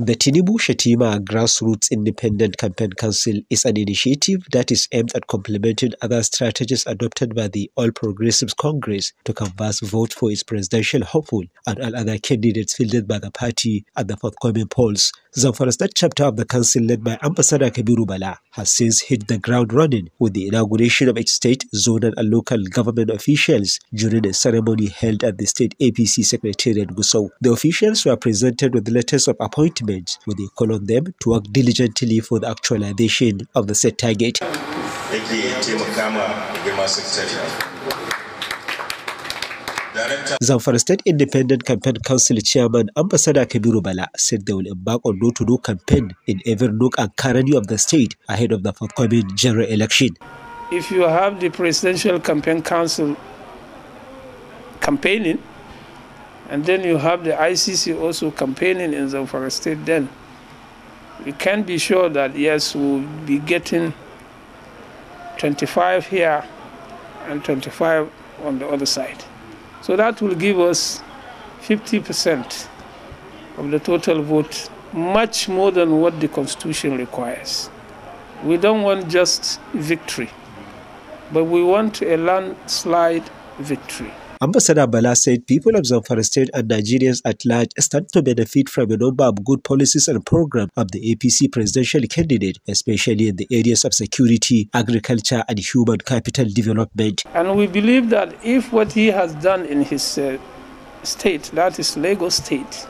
The Tinubu Shetima Grassroots Independent Campaign Council is an initiative that is aimed at complementing other strategies adopted by the All Progressives Congress to canvass votes for its presidential hopeful and all other candidates fielded by the party at the forthcoming polls. Zamfara State chapter of the council led by Ambassador Kabiru Bala has since hit the ground running with the inauguration of its state, zonal and local government officials during a ceremony held at the state APC Secretariat Gusau. The officials were presented with letters of appointment movement, they call on them to work diligently for the actualization of the set target. Zamfara State Independent Campaign Council Chairman Ambassador Kabiru Bala said they will embark on door-to-door -door campaign in every nook and cranny of the state ahead of the forthcoming general election. If you have the Presidential Campaign Council campaigning, and then you have the ICC also campaigning in Zamfara State then. You can be sure that yes, we'll be getting 25 here and 25 on the other side. So that will give us 50% of the total vote, much more than what the Constitution requires. We don't want just victory, but we want a landslide victory. Ambassador Bala said people of Zamfara State and Nigerians at large stand to benefit from a number of good policies and programs of the APC presidential candidate, especially in the areas of security, agriculture, and human capital development. And we believe that if what he has done in his uh, state, that is Lagos State,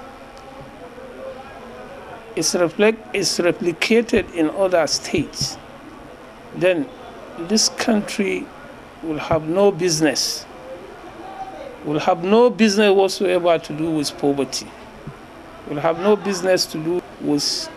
is, reflect, is replicated in other states, then this country will have no business will have no business whatsoever to do with poverty, will have no business to do with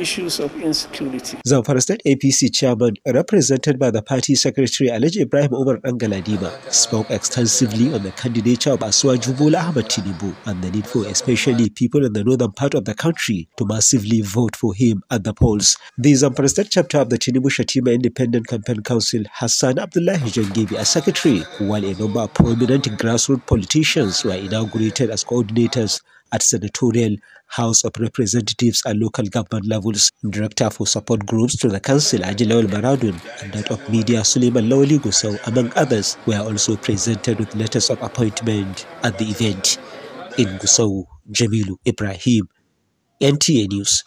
issues of insecurity. Zamfara State APC chairman, represented by the party secretary Alhaji Ibrahim Omar Angaladima, spoke extensively on the candidature of Aswa Jubula Ahmad Tinubu and the need for especially people in the northern part of the country to massively vote for him at the polls. The Zamfara State chapter of the Tinibu Shatima Independent Campaign Council, Hassan Abdullah Jangibi as secretary, while a number of prominent grassroots politicians were inaugurated as coordinators at senatorial House of Representatives and local government levels. Director for support groups to the council, Ajilawal Baradun, and that of media, Suleiman Lawali Gusau, among others, were also presented with letters of appointment at the event. In Gusau, Jamilu Ibrahim, NTA News.